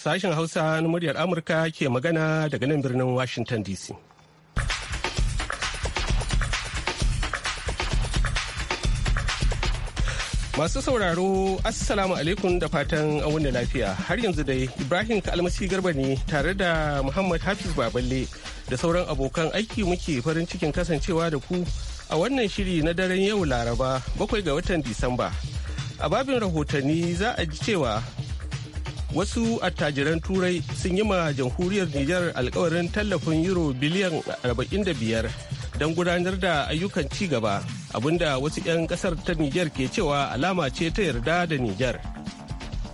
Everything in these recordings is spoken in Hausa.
Sashen Hausa na muryar Amurka ke magana daga nan birnin Washington DC. Masu sauraro, Assalamu alaikum da fatan an lafiya. Har yanzu dai Ibrahim Kalmasi Garba ne tare da Muhammad Hafiz Baballe da sauran abokan aiki muke farin cikin kasancewa da ku a wannan shiri na daren yau Laraba bakwai ga watan Disamba. A babin rahotanni za a ji cewa wasu attajiran turai sun yi ma jamhuriyar nijar alkawarin tallafin euro biliyan 45 don gudanar da ayyukan ci gaba abinda wasu 'yan kasar ta nijar ke cewa alama ce ta yarda da nijar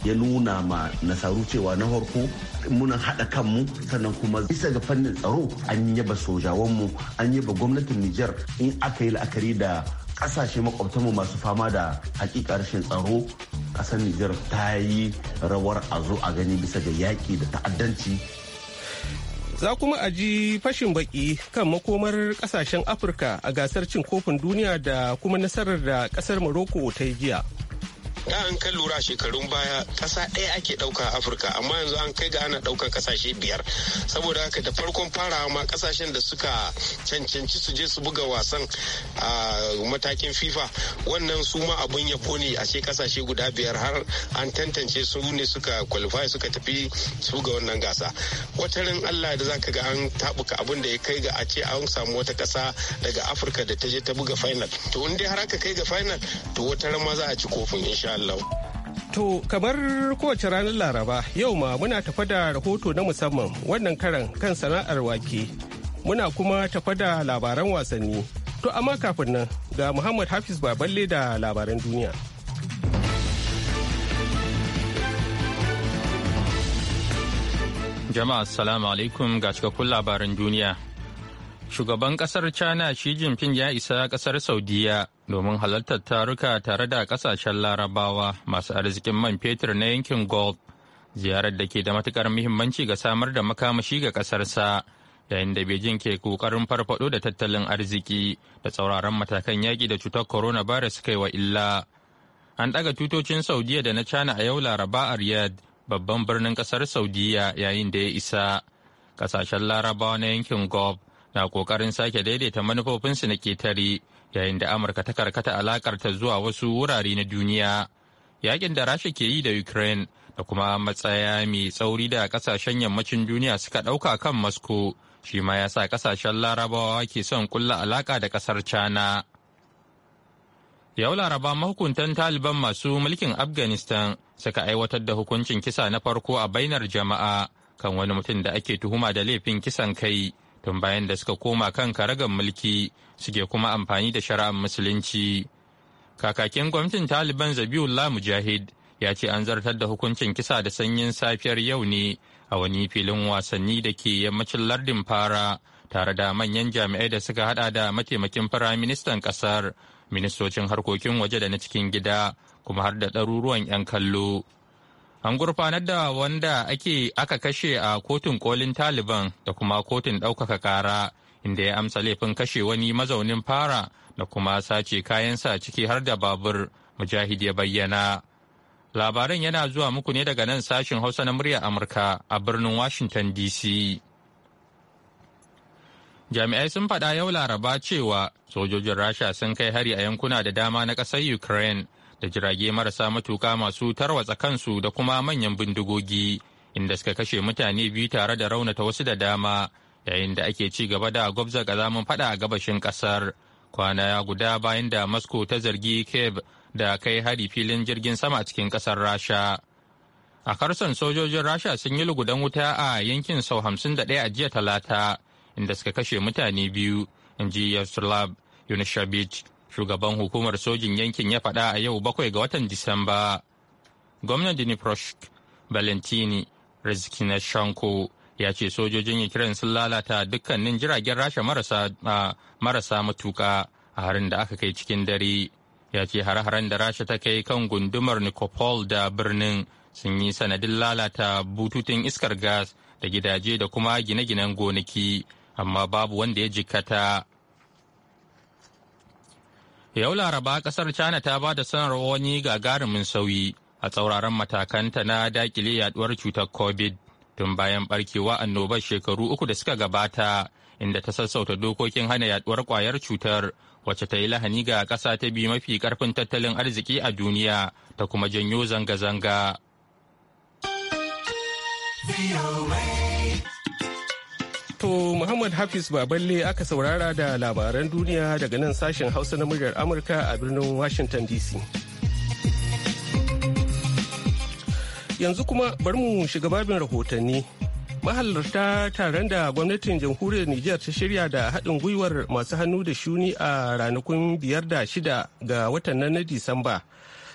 ya nuna ma nasaru cewa na farko muna haɗa kanmu sannan kuma bisa ga fannin tsaro an yaba sojawanmu an yaba gwamnatin nijar in aka yi la'akari da kasashe makwabtanmu masu fama da hakika rashin tsaro kasar Nijar ta yi rawar a zo a gani bisa ga yaƙi da ta'addanci. Za kuma a ji fashin baki kan makomar kasashen Afirka a gasar cin kofin duniya da kuma nasarar da kasar Morocco ta yi jiya. da an kan lura shekarun baya kasa ɗaya ake ɗauka a afirka amma yanzu an kai ga ana ɗaukar kasashe biyar saboda haka da farkon farawa ma kasashen da suka cancanci su je su buga wasan a matakin fifa wannan su ma abun yabo ne a ce kasashe guda biyar har an tantance su ne suka kwalifaya suka tafi su ga wannan gasa watarin allah da zaka ga an tabuka abin da ya kai ga a ce an samu wata kasa daga afirka da ta je ta buga final to in dai har aka kai ga final to wata ma za a ci kofin insha Allah. To kamar kowace ranar Laraba yau ma muna tafa da rahoto na musamman wannan karan kan sana'ar wake. Muna kuma tafa da labaran wasanni. To amma kafin nan ga Muhammad Hafiz Baballe da labaran duniya. Jama'a Assalamu alaikum ga cikakkun labaran duniya. Shugaban ƙasar China Xi Jinping ya isa ƙasar Saudiya domin halartar taruka tare da kasashen larabawa masu arzikin man fetur na yankin gold ziyarar da ke da matukar muhimmanci ga samar da makamashi ga kasarsa yayin da beijing ke kokarin farfado da tattalin arziki da tsauraran matakan yaƙi da cutar corona coronavirus kai wa illa an ɗaga tutocin saudiya da na china a yau laraba a riyadh babban birnin ƙasar saudiya yayin da ya isa kasashen larabawa na yankin gob na ƙoƙarin sake daidaita manufofinsu na ketare yayin da amurka ta karkata ta zuwa wasu wurare na duniya yakin da rasha ke yi da ukraine da kuma matsaya mai tsauri da kasashen yammacin duniya suka ɗauka kan moscow shi ma ya sa kasashen larabawa ke son kulla alaka da kasar china yau laraba mahukuntan taliban masu mulkin afghanistan suka aiwatar da hukuncin kisa na farko a bainar jama'a kan wani mutum da ake tuhuma da laifin kisan kai tun bayan da suka koma kan karagar mulki suke kuma amfani da shari'ar musulunci kakakin gwamnatin taliban zabiullah mujahid ya ce an zartar da hukuncin kisa da sanyin safiyar yau ne a wani filin wasanni da ke yammacin lardin fara tare da manyan jami'ai da suka hada da mataimakin firaministan kasar ministocin harkokin waje da na cikin gida kuma har da ɗaruruwan 'yan kallo An gurfanar da wanda ake aka kashe a kotun kolin Taliban da kuma kotun ɗaukaka ƙara inda ya amsa laifin kashe wani mazaunin fara da kuma sace kayansa ciki har da babur mujahid ya bayyana. Labaran yana zuwa muku ne daga nan sashen Hausa na muryar Amurka a birnin Washington DC. Jami'ai sun faɗa yau Laraba cewa sojojin Rasha sun kai hari a yankuna da dama na ƙasar Ukraine da jirage marasa matuka masu tarwatsa kansu da kuma manyan bindigogi inda suka kashe mutane biyu tare da raunata wasu da dama yayin da ake ci gaba da gwabza kazamin fada a gabashin kasar kwana guda bayan da moscow ta zargi kiev da kai hari filin jirgin sama cikin kasar rasha a karson sojojin rasha sun yi lugudan wuta a yankin sau hamsin da ɗaya a jiya talata inda suka kashe mutane biyu in ji yaroslav yunishabich shugaban hukumar sojin yankin ya faɗa a yau bakwai ga watan disamba gwamnan dniprosk valentini shanko ya ce sojojin ukraine sun lalata dukkanin jiragen rasha marasa matuka a harin da aka kai cikin dare ya ce har haren da rasha ta kai kan gundumar nicopol da birnin sun yi sanadin lalata bututun iskar gas da gidaje da kuma gine-ginen gonaki amma babu wanda ya jikkata. Yau Laraba kasar China ta ba da sanarwa wani gagarumin sauyi a tsauraran matakanta na dakile yaduwar cutar COVID tun bayan barkewa annobar shekaru uku da suka gabata inda ta sassauta dokokin hana yaduwar kwayar cutar wacce ta yi lahani ga ƙasa ta biyu mafi karfin tattalin arziki a duniya ta kuma janyo zanga-zanga. To Muhammad Hafiz Baballe aka saurara da labaran duniya daga nan sashen Hausa na muryar Amurka a birnin Washington DC. Yanzu kuma bari mu shiga babin rahotanni. Mahalarta taron da gwamnatin jamhuriyar Nijar ta shirya da haɗin gwiwar masu hannu da shuni a ranakun biyar da shida ga watan nan na Disamba.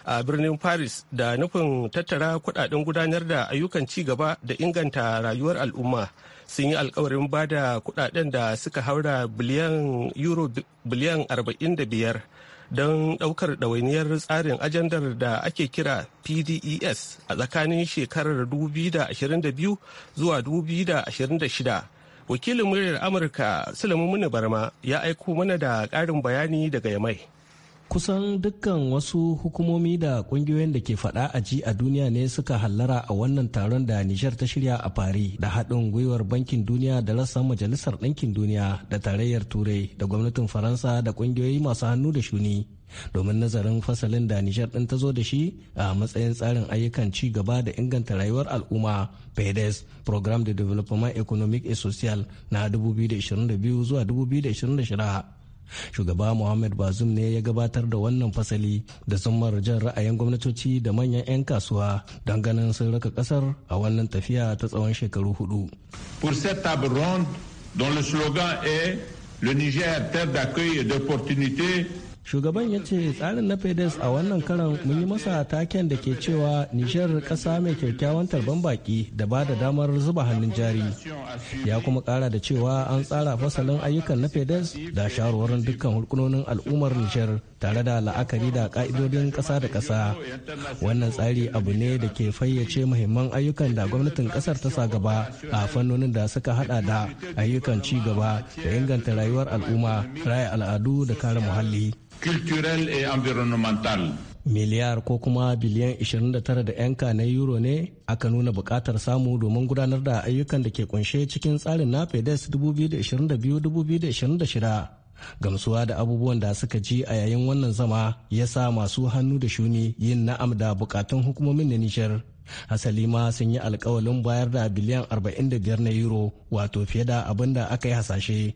a birnin paris da nufin tattara kudaden gudanar da ayyukan ci gaba da inganta rayuwar al'umma sun yi alkawarin ba da kudaden da suka haura biliyan euro biliyan 45 don daukar ɗawainiyar tsarin ajandar da ake kira pdes a tsakanin shekarar 2022 zuwa 2026 wakilin muryar amurka sulaimu muni barma ya aiko mana da ƙarin bayani daga yamai kusan dukkan wasu hukumomi da kungiyoyin da ke fada a ji a duniya ne suka hallara a wannan taron da nishar ta shirya a fari da haɗin gwiwar bankin duniya da rassan majalisar ɗinkin duniya da tarayyar turai da gwamnatin faransa da kungiyoyi masu hannu da shuni domin nazarin fasalin da nishar ɗin ta zo da shi a matsayin tsarin ayyukan ci gaba da inganta rayuwar al'umma pedes program de development economic and social na 2022 zuwa 2026 shugaba muhammad bazum ne ya gabatar da wannan fasali da zumar jan ra'ayin gwamnatoci da manyan 'yan kasuwa don ganin sun raka kasar a wannan tafiya ta tsawon shekaru hudu pour cette table ronde le slogan est le niger terre d'accueil et d'opportunités shugaban ya ce tsarin na fedes a wannan karan mun yi masa taken da ke cewa nijar kasa mai kyakkyawan tarban baki da ba da damar zuba hannun jari ya kuma kara da cewa an tsara fasalin ayyukan na fedes da shawarwarin dukkan hulkunonin al'ummar nijar tare da la'akari da ka'idodin ƙasa da ƙasa wannan tsari abu ne da ke fayyace muhimman ayyukan da gwamnatin ƙasar ta sa gaba a fannonin da suka hada da ayyukan ci gaba da inganta rayuwar al'umma raya al'adu da kare muhalli miliyar ko kuma biliyan 29 da 'yanka na euro ne aka nuna bukatar samu domin gudanar da ayyukan da ke kunshe cikin tsarin na fedes 2022-2026 gamsuwa da abubuwan da suka ji a yayin wannan zama ya sa masu hannu da shuni yin na'am da bukatun hukumomin na nishar hasali ma sun yi alkawalin bayar da biliyan 45 na euro wato fiye da abin da aka yi hasashe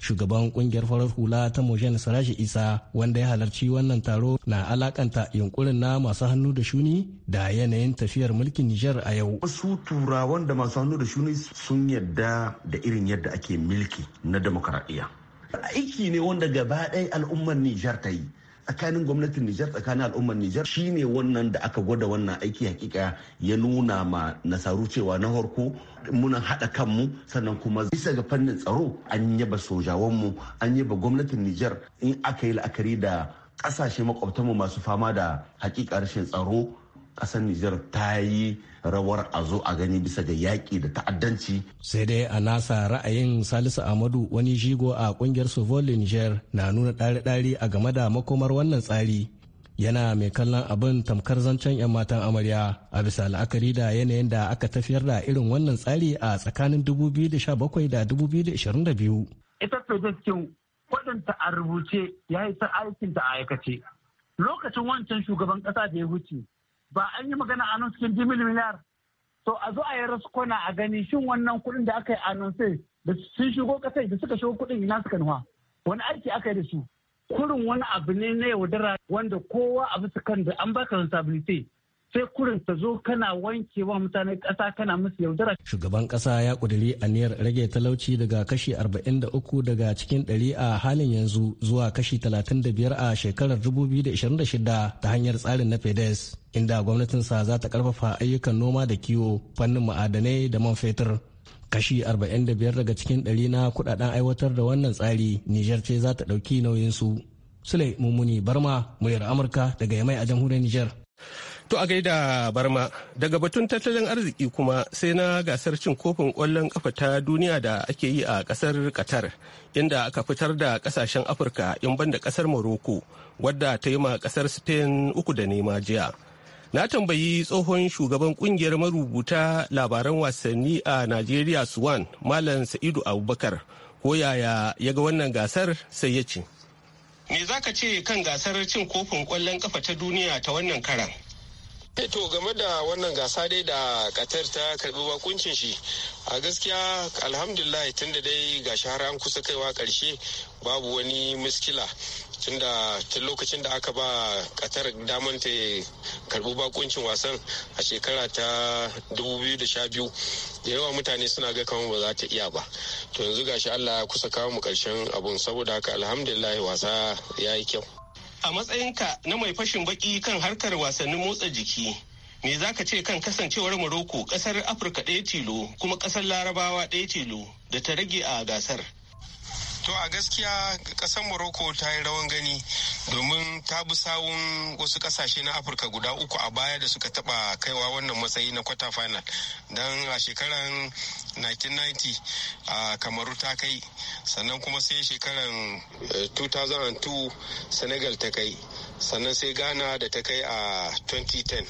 shugaban kungiyar farar hula ta mojen sarashi isa wanda ya halarci wannan taro na alakanta yunkurin na masu hannu da shuni da yanayin tafiyar mulkin nijar a yau wasu turawan da masu hannu da shuni sun yadda da irin yadda ake milki na demokaradiyya aiki ne wanda gaba ɗaya al'ummar Nijar ta yi tsakanin gwamnatin Nijar tsakanin al'ummar Nijar shi ne wannan da aka gwada wannan aiki hakika ya nuna ma nasaru cewa na harko muna haɗa kanmu sannan kuma bisa ga fannin tsaro an yaba sojawanmu an yaba gwamnatin Nijar in aka yi la'akari da ƙasashe makwabtanmu masu fama da hakika rashin tsaro ƙasar Nijar ta yi rawar a zo a gani bisa ga yaƙi da ta'addanci. Sai dai a nasa ra'ayin Salisu amadu wani jigo a kungiyar Sovoli Nijar na nuna ɗari-ɗari a game da makomar wannan tsari. Yana mai kallon abin tamkar zancen 'yan matan amarya a bisa la'akari da yanayin da aka tafiyar da irin wannan tsari a tsakanin 2017 da 2022. Ita ce waɗanda a rubuce ya yi ta aikinta a aikace. Lokacin wancan shugaban ƙasa da ya wuce ba an yi magana a cikin jimin miliyar to a zo a yi raskona a gani shin wannan kuɗin da aka yi anunce da sun shigo kasai da suka shigo kuɗin ina suka nuwa wani aiki aka yi da su kurin wani abu ne na yaudara wanda kowa a su kan da an baka responsibility sai kurin ta zo kana wankewa mutane ƙasa kana musu yaudara. Shugaban ƙasa ya ƙudiri niyar rage talauci daga kashi 43 daga cikin 100 a halin yanzu zuwa kashi 35 a shekarar 2026 ta hanyar tsarin na FEDES. Inda gwamnatinsa za ta karfafa ayyukan noma da kiwo, fannin ma'adanai da man fetur. Kashi 45 daga cikin 100 na kudaden aiwatar da wannan tsari, Nijar ce za ta ɗauki nauyinsu. Sule Mummuni Barma, muryar Amurka daga Yamai a jamhuriyar Nijar. To a gaida barma daga batun tattalin arziki kuma sai na gasar cin kofin kwallon kafa ta duniya da ake yi a ƙasar Qatar inda aka fitar da ƙasashen Afirka in banda ƙasar Morocco wadda ta yi ma ƙasar Spain uku da nema jiya. Na tambayi tsohon shugaban kungiyar marubuta labaran wasanni a Najeriya Suwan Malam Sa'idu Abubakar ko yaya ya ga wannan gasar sai ya ce. Me za ka ce kan gasar cin kofin ƙwallon kafa ta duniya ta wannan karan? Eh, to game da wannan gasa dai da katar ta karbi bakuncin shi a gaskiya alhamdulillah tunda dai ga har an kusa kaiwa karshe babu wani muskila tunda tun lokacin da aka ba katar damar ta karbi bakuncin wasan a shekara ta 2012 da yawa mutane suna ga kamar ba za ta iya ba to yanzu gashi allah ya kusa kawo mu karshen abun saboda haka alhamdulillah wasa ya yi kyau a matsayinka na mai fashin baki kan harkar wasannin motsa jiki me za ka ce kan kasancewar Morocco kasar Afirka ɗaya tilo kuma kasar Larabawa ɗaya tilo da ta rage a gasar? To a gaskiya kasar Morocco ta yi rawan gani domin ta bi sawun wasu kasashe na Afirka guda uku a baya da suka taba kaiwa wannan matsayi na kwata final don a shekarar 1990 a Kamaru ta kai sannan kuma sai shekaran 2002 eh, senegal ta kai sannan sai ghana da ta kai a 2010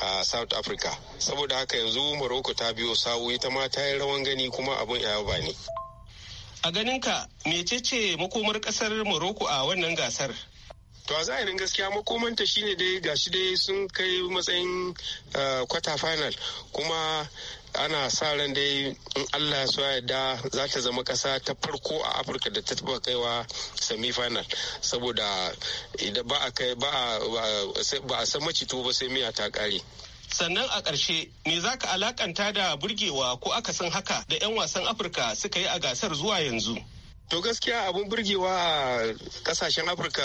a south africa saboda haka yanzu morocco ta biyo sawu ita ma ta yi rawan gani kuma abin yaba ne a ganinka mecece makomar kasar morocco a wannan gasar to a zahirin gaskiya makomanta shine dai gashi dai sun kai matsayin kwata eh, final kuma ana sa ran dai in allah su yarda za ta zama ƙasa ta farko a afirka da ta taba kaiwa semi-final saboda idan ba a kai ba a san macito ba sai miya ta ƙare. sannan a ƙarshe me za ka alakanta da burgewa ko aka san haka da 'yan wasan afirka suka yi a gasar zuwa yanzu To gaskiya abun burgewa a kasashen Afirka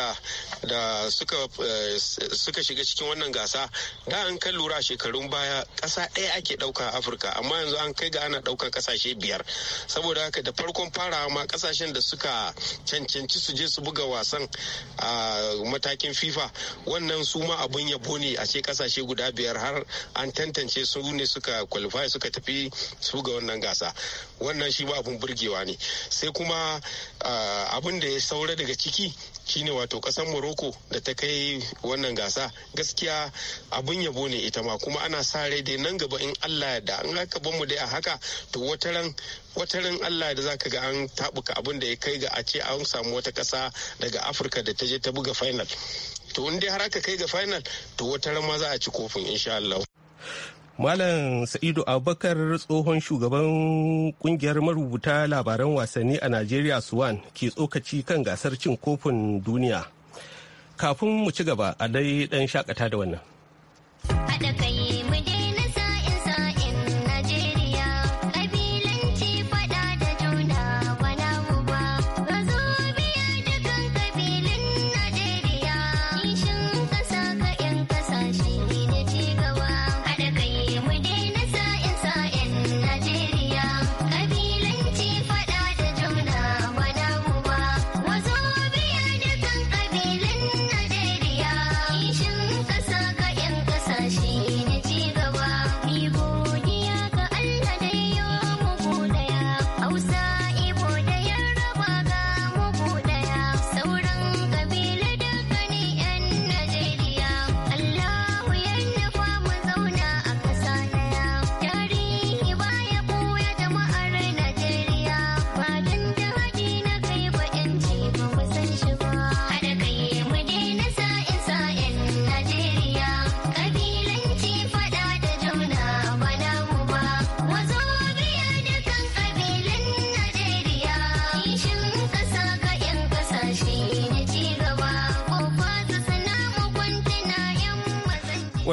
da suka eh, shiga cikin wannan gasa da an kan lura shekarun baya kasa ɗaya ake ɗauka a Afirka amma yanzu an kai ga ana ɗaukar ƙasashe biyar. Saboda haka da farkon farawa ma kasashen da suka cancanci su je su buga wasan a matakin FIFA wannan su ma abun yabo ne a ce ƙasashe guda biyar har an tantance su ne suka kwalifaya suka tafi su ga wannan gasa. wannan shi ba abun burgewa ne sai kuma abin da ya saura daga ciki shine wato kasar morocco da ta kai wannan gasa gaskiya abin yabo ne ita ma kuma ana sa rai dai nan gaba in allah ya da an haka mu dai a haka to wataran wataran allah da zaka ga an tabuka abin da ya kai ga a ce an samu wata kasa daga afirka da ta je ta buga final to in dai har aka kai ga final to wataran ma za a ci kofin insha allah Malam Sa'idu Abubakar tsohon shugaban kungiyar marubuta labaran wasanni a Najeriya Suwan ke tsokaci kan gasar cin kofin duniya. Kafin mu ci gaba a dai ɗan shakata da wannan.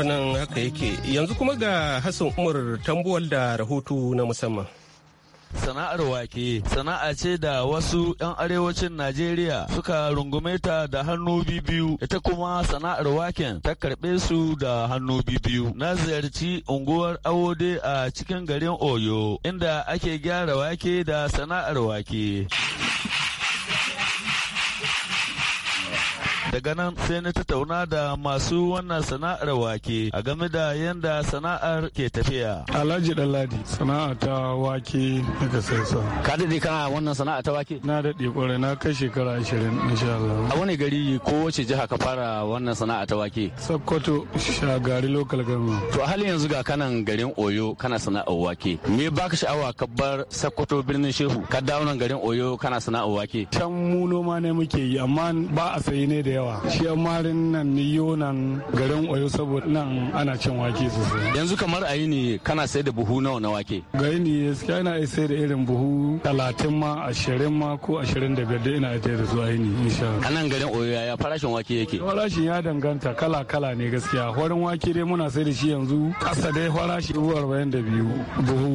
nan haka yake yanzu kuma ga hassan umar tambuwal da rahoto na musamman sana'ar wake sana'a ce da wasu 'yan arewacin najeriya suka rungume ta da hannu biyu ita kuma sana'ar waken ta karɓe su da hannu biyu na ziyarci unguwar awode a cikin garin oyo inda ake gyara wake da sana'ar wake Daga nan sai na tattauna da masu wannan sana'ar wake a game da yadda sana'ar ke tafiya. Alhaji Daladi sana'a ta wake daga saisa. Ka daɗe kana wannan sana'a ta wake? Na daɗe ƙwarai na kai shekara ashirin insha Allah. A wani gari ko wace jiha ka fara wannan sana'a ta wake? Sokoto shagari lokal gama. To a halin yanzu ga kanan garin Oyo kana sana'ar wake. Me baka sha'awa ka bar Sokoto birnin Shehu ka dawo nan garin Oyo kana sana'ar wake? Can mu noma ne muke yi amma ba a sayi ne da yawa. yawa shi marin nan ni nan. garin oyo saboda nan ana cin wake sosai yanzu kamar a ne kana sai da buhu nawa na wake ne ya suke ina iya sai da irin buhu talatin ma ashirin ma ko ashirin da biyar ina ita da su a yini insha Allah anan garin oyo ya farashin wake yake farashin ya danganta kala kala ne gaskiya horin wake dai muna sai da shi yanzu kasa dai farashi dubu arba'in da biyu buhu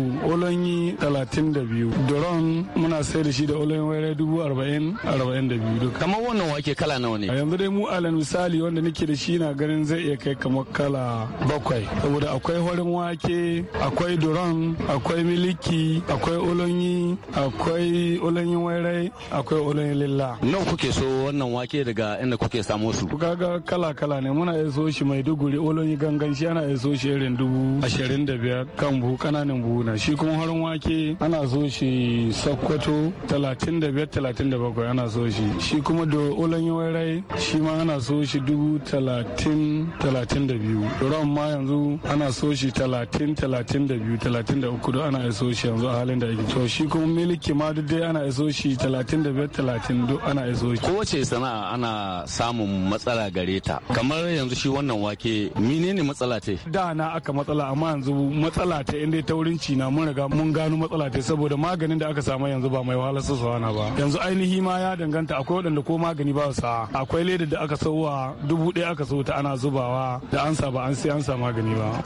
yi talatin da biyu doron muna sai da shi da olonyi wayar dubu arba'in arba'in da biyu duka kamar wannan wake kala nawa ne yanzu dai mu alal misali wanda nake da shi na ganin zai iya kai kamar kala bakwai saboda akwai horin wake akwai duron akwai miliki akwai olonyi akwai olonyin wairai akwai olonyin lilla nan kuke so wannan wake daga inda kuke samo su ga kala kala ne muna iya so shi mai duguri olonyi gangan shi ana iya so shi irin dubu ashirin da biyar kan buhu kananan buhu na shi kuma horin wake ana so shi sakkwato talatin da biyar talatin da bakwai ana so shi shi kuma da olonyin wairai shi ma ana so shi dubu talatin talatin da biyu ron ma yanzu ana so shi talatin talatin da biyu talatin da uku ana so shi yanzu a halin da ake to shi kuma miliki ma duk dai ana so shi talatin da biyar talatin duk ana so shi kowace sana'a ana samun matsala gare ta kamar yanzu shi wannan wake menene matsala ta da na aka matsala amma yanzu matsala ta inda ta wurin na mun riga mun gano matsala ta saboda maganin da aka samu yanzu ba mai wahala wahalar na ba yanzu ainihi ma ya danganta akwai waɗanda ko magani ba su akwai leda da aka sauwa dubu ɗaya aka sauta ana zubawa da ansa ba an sai an sa magani ba.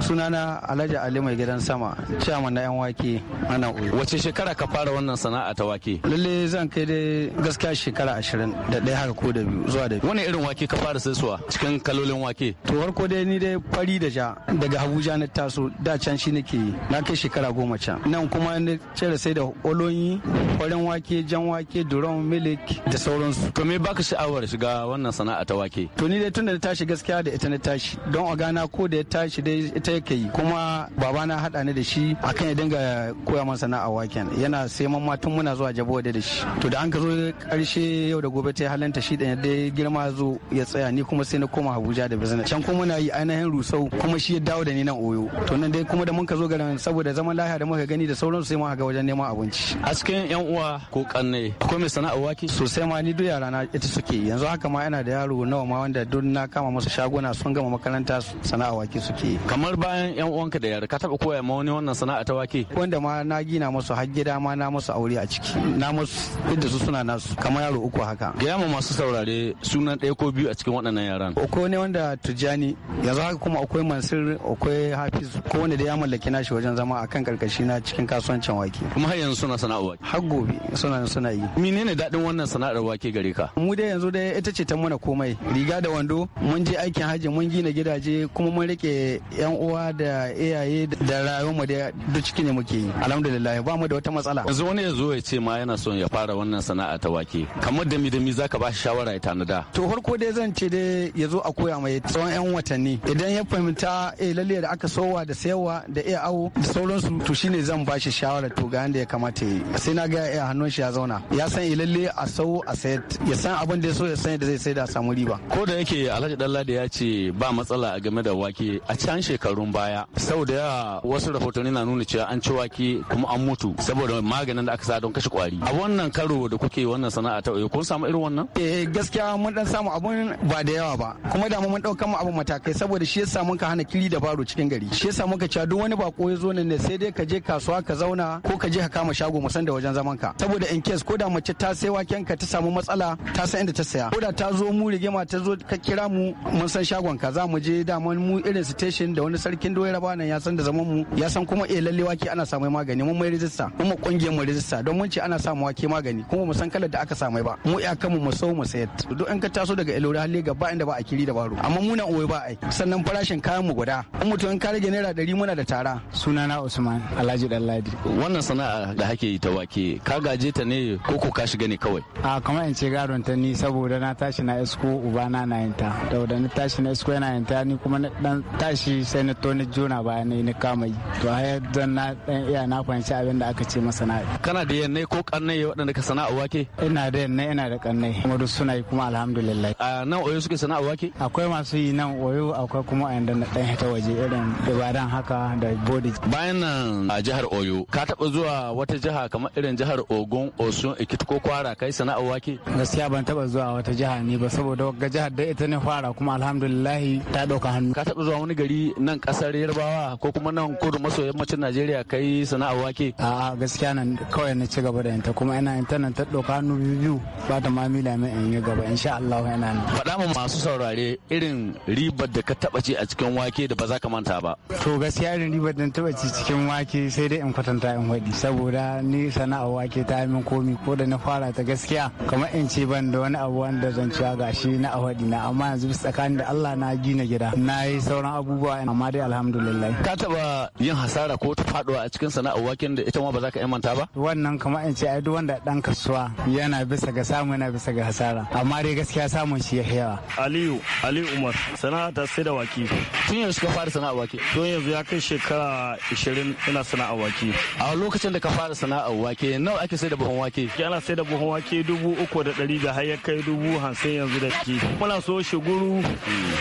sunana alhaji ali mai gidan sama ciyaman na yan wake ana uyu wace shekara ka fara wannan sana'a ta wake lalle zan kai dai gaskiya shekara ashirin da ɗaya haka ko da biyu zuwa da wani irin wake ka fara saisuwa cikin kalolin wake to harko dai ni dai fari da ja daga abuja na taso da can shi nake yi na kai shekara goma can nan kuma ni cire sai da oloyi farin wake jan wake duron milik da sauransu to me baka sha'awar shiga wannan sana'a ta wake to ni dai tun da na tashi gaskiya da ita na tashi don a babana ko da ya tashi dai ita yake yi kuma babana haɗa ni da shi akan ya dinga koya man sana'a waken yana sai mamma tun muna zuwa jabo da shi to da an ka zo karshe yau da gobe ta halanta shi da yadda girma zo ya tsaya ni kuma sai na koma Abuja da business can kuma muna yi ainihin rusau kuma shi ya dawo da ni nan Oyo to nan dai kuma da mun ka zo garin saboda zaman lahiya da muka gani da su sai mu ga wajen neman abinci a cikin yan uwa ko kanne akwai mai sana'a wake sosai ma ni duk yara na ita suke yanzu haka ma yana da yaro nawa ma wanda duk na kama masa shaguna sun gama makaranta sana'a wake suke kamar bayan yan uwanka da yara ka taba koya ma wani wannan sana'a ta wake wanda ma na gina musu har gida ma na musu aure a ciki na musu yadda su suna nasu kamar yaro uku haka gaya ma masu saurare sunan ɗaya ko biyu a cikin waɗannan yaran ko ne wanda tijjani yanzu haka kuma akwai mansur akwai hafiz ko wanda da ya mallaki nashi wajen zama akan karkashi na cikin kasuwancin wake kuma har yanzu suna sana'a wake har gobe suna suna yi menene daɗin wannan sana'ar wake gare ka mu dai yanzu dai ita ce ta mana komai riga da wando mun je aikin hajji mun gina gidaje kuma mun rike yan uwa da iyaye da rayuwarmu da duk cikin ne muke yi alhamdulillah ba mu da wata matsala yanzu wani ya ya ce ma yana son ya fara wannan sana'a ta wake kamar da mi zaka ba shi shawara ya tanada to farko dai zan ce dai ya a koya mai tsawon yan watanni idan ya fahimta eh lalle da aka sowa da sayarwa da iya awo da sauransu to shine zan ba shi shawara to ga yanda ya kamata yi sai na ga ya hannun shi ya zauna ya san eh, lalle a sau a sayar ya san abin da ya so ya san da zai sai da samu riba ko da yake Alhaji da ya ce ba matsala a game da wake a can shekarun baya sau da yawa wasu rahotanni na nuna cewa an ci wake kuma an mutu saboda maganin da aka sa don kashe kwari a wannan karo da kuke wannan sana'a ta eh, kun samu irin wannan eh gaskiya mun dan samu abun ba da yawa ba kuma da mun dauka mu abun matakai saboda shi yasa mun ka hana kiri da baro cikin gari shi yasa muka cewa duk wani bako ya zo nan ne sai dai ka je kasuwa ka zauna ko ka je ka kama shago mu san da wajen zaman ka saboda in case ko da mace ta sai waken ka ta samu matsala ta san inda ta saya ko da ta zo mu rigima ta zo ka kira mu mun san shagon ka za mu je da mun wani mu irin station da wani sarkin doya raba nan ya san da zaman mu ya san kuma eh lalle wake ana samu magani mun mai rijista mun mu kungiyar mu rijista don mun ce ana samu wake magani kuma mu san kalar da aka samu ba mu ya kanmu mu so mu sayar duk an ka taso daga elori halle gaba inda ba a kiri da baro amma muna oye ba ai sannan farashin kayan mu guda in mutum in ka rage naira muna da tara sunana usman alhaji dalladi wannan sana'a da hake yi ta wake ka gaje ta ne ko ko ka shiga ne kawai a kamar in ce garon ta ni saboda na tashi na isko ubana na yinta da na tashi na isko yana yinta ni kuma na dan tashi sai na toni juna ba ne ni kama yi to a don na dan iya na fahimci abin da aka ce masa na kana da yanne ko kannai waɗanda ka sana'a wake ina da yanne ina da kannai kuma duk suna yi kuma alhamdulillah a nan oyo suke sana'a wake akwai masu yi nan oyo akwai kuma a yanda na dan hita waje irin ibadan haka da bodi bayan nan a jihar oyo ka taba zuwa wata jiha kamar irin jihar ogun osun ikiti ko kwara kai sana'a wake gaskiya ban taba zuwa wata jiha ni ba saboda ga jihar da ita ne fara kuma alhamdulillah ta dauka hannu ka taɓa zuwa wani gari nan ƙasar yarbawa ko kuma nan kudu maso yammacin najeriya ka yi sana'a wake a'a gaskiya nan kawai na ci gaba da yanta kuma ina yanta nan ta ɗauka hannu biyu ba ta ma mila min in yi gaba insha Allah ina nan faɗa mu masu saurare irin ribar da ka taɓa ci a cikin wake da ba za ka manta ba to gaskiya irin ribar da na taɓa ci cikin wake sai dai in kwatanta in waɗi saboda ni sana'a wake ta min komi ko da na fara ta gaskiya kamar in ce ban da wani abu wanda zan ci gashi na a waɗi na amma yanzu tsakanin da Allah na gina gida na yi sauran abubuwa amma dai alhamdulillah ka taba yin hasara ko ta faduwa a cikin sana'a waken da ita ma ba za ka imanta ba wannan kamar in ce ai duk wanda dan kasuwa yana bisa ga samu yana bisa ga hasara amma dai gaskiya samun shi ya yawa aliyu aliyu umar sana'a ta sai da wake tun yanzu ka fara sana'a wake tun yanzu ya kai shekara 20 ina sana'a wake a lokacin da ka fara sana'a wake nawa ake sai da buhun wake ana sai da buhun wake dubu uku da ɗari da har ya kai dubu hamsin yanzu da ke muna so shi guru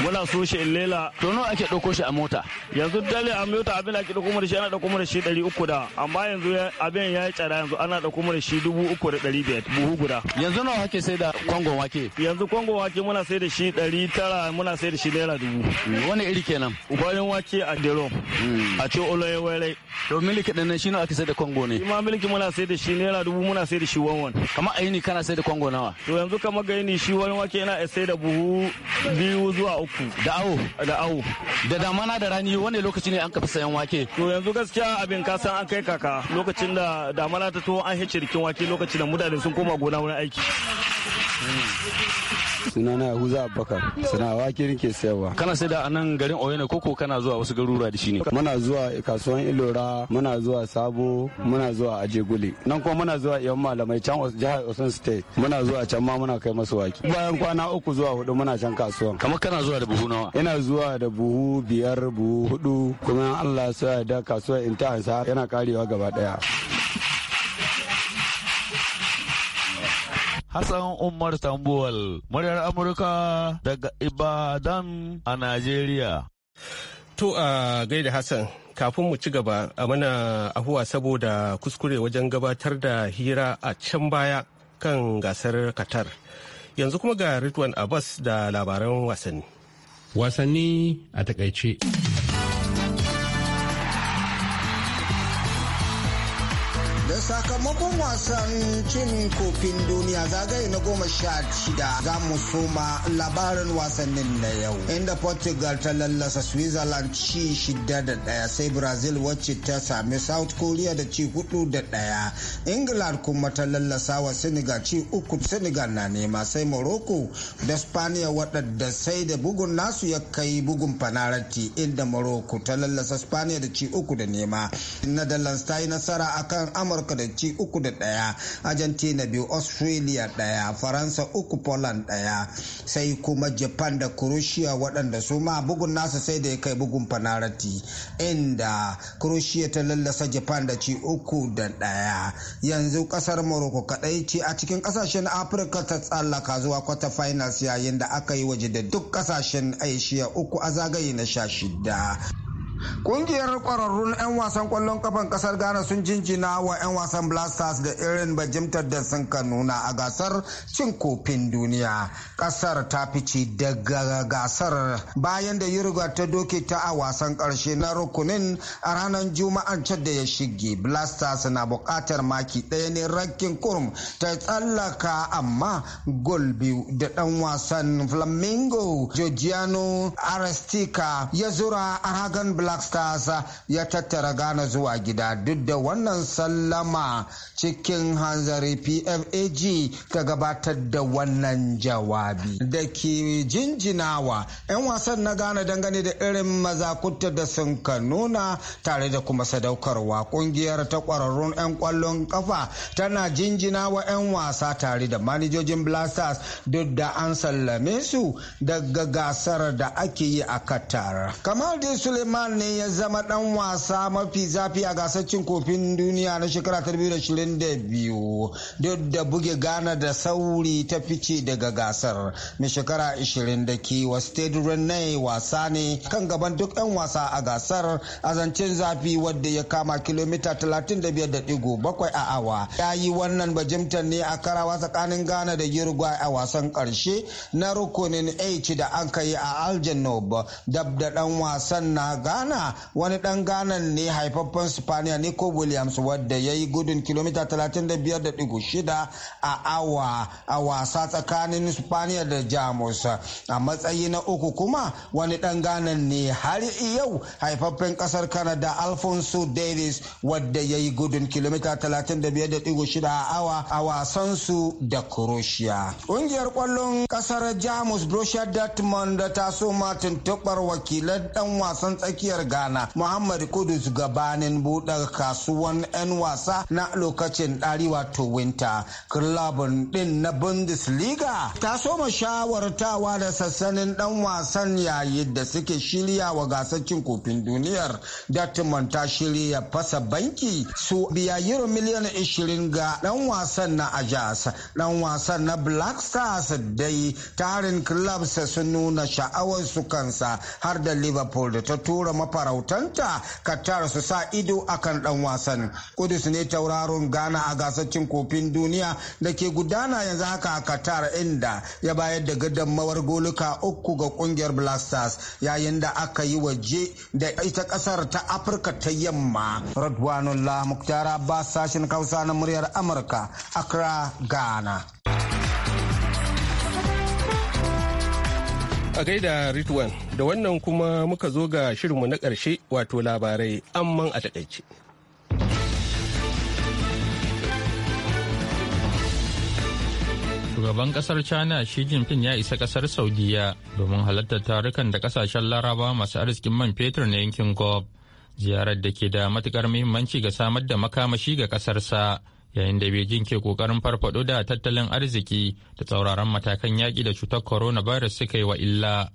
muna so shi lela to nawa ake dauko shi a mota yanzu dale a mota abin ake dauko mu da shi ana dauko mu da shi ɗari uku da amma yanzu abin ya yi tsada yanzu ana dauko mu da shi dubu uku da ɗari biyar buhu guda yanzu nawa ake sai da kongo wake yanzu kongo wake muna sai da shi ɗari tara muna sai da shi naira dubu hmm, wani iri kenan bayan wake a dero hmm. a ce oloye wairai to miliki ɗin nan shi nawa ake sai da kongo ne ma miliki muna sai da shi naira dubu muna sai da shi 11 kamar aini kana sai da kongo nawa to yanzu kamar gaini shi wani wake yana sai da buhu biyu zuwa uku da awo da awo da damana da rani wani lokaci ne an kafi sayan wake to yanzu gaskiya abin ka san an kai kaka lokacin da damana ta to an hice rikin wake lokacin da mutane sun koma gona wurin aiki hmm. suna na yahuza abubakar suna waki nake sayarwa kana sai da anan garin oyana koko kana zuwa wasu garura da shi ne muna zuwa kasuwan ilora muna zuwa sabo muna zuwa ajegule nan kuma muna zuwa yan malamai can jihar osun state muna zuwa can ma muna kai masu waki. bayan kwana uku zuwa hudu muna can kasuwan kamar kana zuwa da buhu nawa ina zuwa da buhu biyar buhu hudu kuma allah sa da kasuwa in ta yana karewa gaba daya Hassan Umar Tambuwal, muryar Amurka daga Ibadan a Najeriya. To a gaida Hassan, kafin mu ci gaba a mana ahuwa saboda kuskure wajen gabatar da hira a can baya kan gasar Qatar. Yanzu kuma ga Ridwan Abbas da labaran wasanni. Wasanni a takaice. sakamakon wasan cin kofin duniya zagaye na goma sha shida za mu soma labarin wasannin na yau inda portugal ta lallasa switzerland ci shida da daya sai brazil wacce ta sami south korea da ci hudu da daya england kuma ta lallasa wa senegal ci uku senegal na nema sai morocco da spaniya waɗanda sai da bugun nasu ya kai bugun fanarati inda morocco ta lallasa spaniya da ci uku da nema netherlands ta yi nasara akan amurka da ci kasashe uku da ɗaya argentina biyu australia ɗaya faransa uku poland ɗaya sai kuma japan da croatia waɗanda su ma bugun nasa sai da ya kai bugun fanarati inda croatia ta lallasa japan da ci uku da ɗaya yanzu ƙasar morocco kadai ce a cikin ƙasashen afirka ta tsallaka zuwa kwata finals yayin da aka yi waje da duk ƙasashen asia uku a zagaye na sha shida Kungiyar kwararrun 'yan wasan kwallon kafan kasar Ghana sun jinjina wa 'yan wasan Blasters da irin bajimtar da sun ka nuna a gasar cin kofin duniya. Kasar ta fice daga gasar bayan da yurga ta doke ta a wasan karshe na rukunin a ranar Juma'an can da ya shige. Blasters na bukatar maki ɗaya ne rankin kurum ta tsallaka amma gol biyu da ɗan wasan Flamingo Georgiano Arestica ya zura a ragan Blasters black stars ya tattara ghana zuwa gida duk da wannan sallama cikin hanzari pfag ta gabatar da wannan jawabi da ke jinjinawa 'yan wasan na ghana dangane da irin mazakuta da sun ka nuna tare da kuma sadaukarwa kungiyar ta kwararrun 'yan kwallon kafa tana jinjinawa 'yan wasa tare da manijojin blasters duk da an sallame su daga gasar da ake yi a qatar kamar dai suleiman ne ya zama dan wasa mafi zafi a gasar cin kofin duniya na shekara ta 2022 duk da buge gana da sauri ta fice daga gasar mai shekara 20 da ke wa Stade wasa ne kan gaban duk 'yan wasa a gasar a zancen zafi wadda ya kama kilomita 35.7 a awa ya yi wannan bajimtar ne a karawa tsakanin Ghana da Uruguay a wasan karshe na rukunin H da an kai a Aljanob dab da dan wasan na ghana wani ɗan ghana ne haifaffen spaniya nico williams wadda ya yi gudun kilomita 35.6 a awa a wasa tsakanin spaniya da jamus a matsayi na uku kuma wani ɗan ghana ne har yau haifaffen ƙasar canada alfonso davis wadda ya yi gudun kilomita 35.6 a awa a wasansu da croatia ƙungiyar kwallon ƙasar jamus borussia dortmund ta so ma tuntuɓar wakilan ɗan wasan tsakiyar jihar ghana muhammad kudus gabanin buɗar kasuwan 'yan wasa na lokacin ɗari wato winter club din na bundesliga ta soma shawartawa da sassanin dan wasan yayin da suke shirya wa gasar cin kofin duniyar dortmund ta shirya fasa banki su biya euro miliyan 20 ga dan wasan na ajax dan wasan na black stars dai tarin clubs sun nuna sha'awar su kansa har da liverpool da ta tura mafarautanta Qatar su sa ido akan dan wasan. Kudus ne tauraron Ghana a gasar cin kofin duniya da ke gudana yanzu haka a Qatar inda ya bayar da mawar goluka uku ga kungiyar Blasters yayin da aka yi waje da ita kasar ta Afirka ta yamma. Radwanullah Muktara ba sashen Kausa na muryar Amurka, Accra, Ghana. A gaida Ritwan, da wannan kuma muka zo ga shirinmu na ƙarshe wato labarai amman a taƙaice. Shugaban kasar China shi Jinping ya isa kasar Saudiya domin halartar tarukan da kasashen Laraba masu arzikin man fetur na yankin Gob, ziyarar da ke da matukar muhimmanci ga samar da makamashi ga kasarsa. yayin da Beijing ke kokarin farfado da tattalin arziki da tsauraran matakan yaƙi da cutar corona coronavirus suka yi wa illa.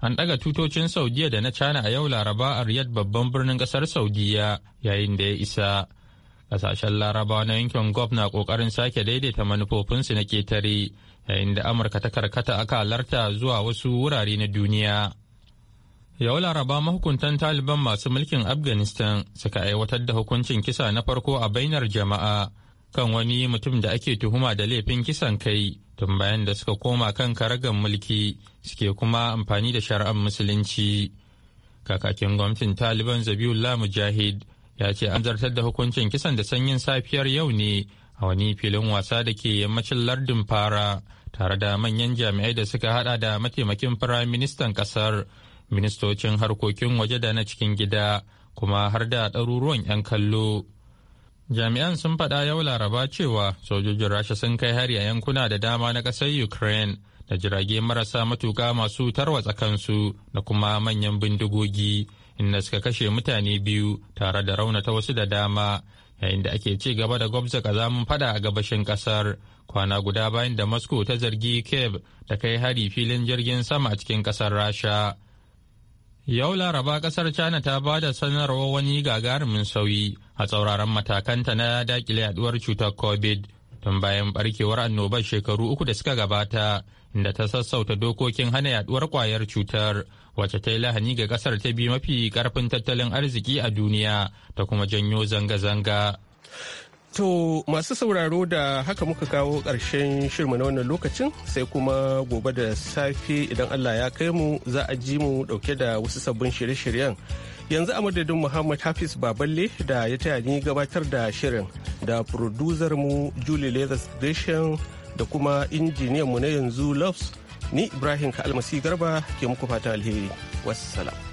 An ɗaga tutocin Saudiya da na China a yau Laraba a Riyadh babban birnin ƙasar Saudiya yayin da ya isa. Ƙasashen Laraba na yankin Gulf na ƙoƙarin sake daidaita manufofinsu na ƙetare yayin da Amurka ta karkata aka larta zuwa wasu wurare na duniya. Yau Laraba mahukuntan Taliban masu mulkin Afghanistan suka aiwatar da hukuncin kisa na farko a bainar jama'a. kan wani mutum da ake tuhuma da laifin kisan kai tun bayan da suka koma kan karagan mulki suke kuma amfani da shari'ar musulunci kakakin gwamnatin taliban zabiullah mujahid ya ce an zartar da hukuncin kisan da sanyin safiyar yau ne a wani filin wasa da ke yammacin lardin fara tare da manyan jami'ai da suka hada da mataimakin firayim ministan kasar ministocin harkokin waje da na cikin gida kuma har da ɗaruruwan 'yan kallo Jami'an sun faɗa yau Laraba cewa sojojin Rasha sun kai hari a yankuna da dama na ƙasar Ukraine da jirage marasa matuƙa masu tarwatsa kansu da kuma manyan bindigogi inda suka kashe mutane biyu tare da raunata wasu da dama yayin da ake ci gaba da gwabza kazamin fada a gabashin ƙasar kwana guda bayan da moscow ta zargi kiev da kai hari filin jirgin sama a cikin ƙasar rasha Yau Laraba kasar China ta ba da sanarwar wani gagarumin sauyi a tsauraran matakanta na dakile yaduwar cutar COVID tun bayan barkewar annobar shekaru uku da suka gabata inda ta sassauta dokokin hana yaduwar kwayar cutar wacce ta yi lahani ga kasar ta biyu mafi karfin tattalin arziki a duniya ta kuma janyo zanga-zanga. To masu sauraro da haka muka kawo ƙarshen shirma na wannan lokacin sai kuma gobe da safe idan Allah ya kai mu za a ji mu ɗauke da wasu sabbin shirye-shiryen. Yanzu a madadin Muhammad Hafiz Baballe da ya taya ni gabatar da shirin da producer mu Julie Leathers Gresham da kuma injiniyan mu na yanzu Loves ni Ibrahim Kalmasi Garba ke muku fata alheri. Wassalam.